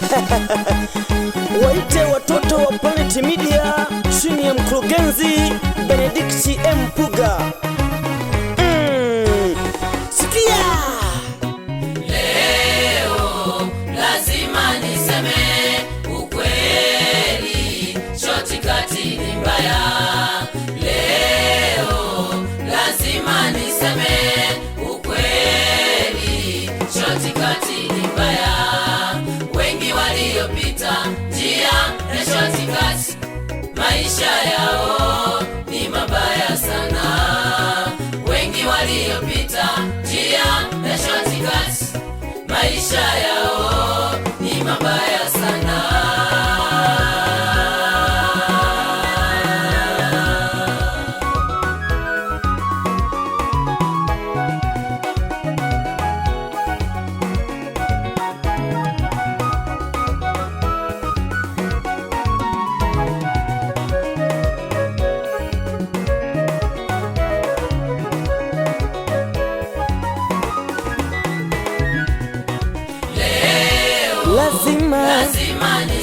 waite watoto wa Planet Media chini ya mkurugenzi Benedikti M. Puga. niseme mm. Leo lazima niseme ukweli, shoti kati ni mbaya kupita njia reshotikati, maisha yao ni mabaya sana. Wengi waliopita njia reshotikati, maisha lazima, lazima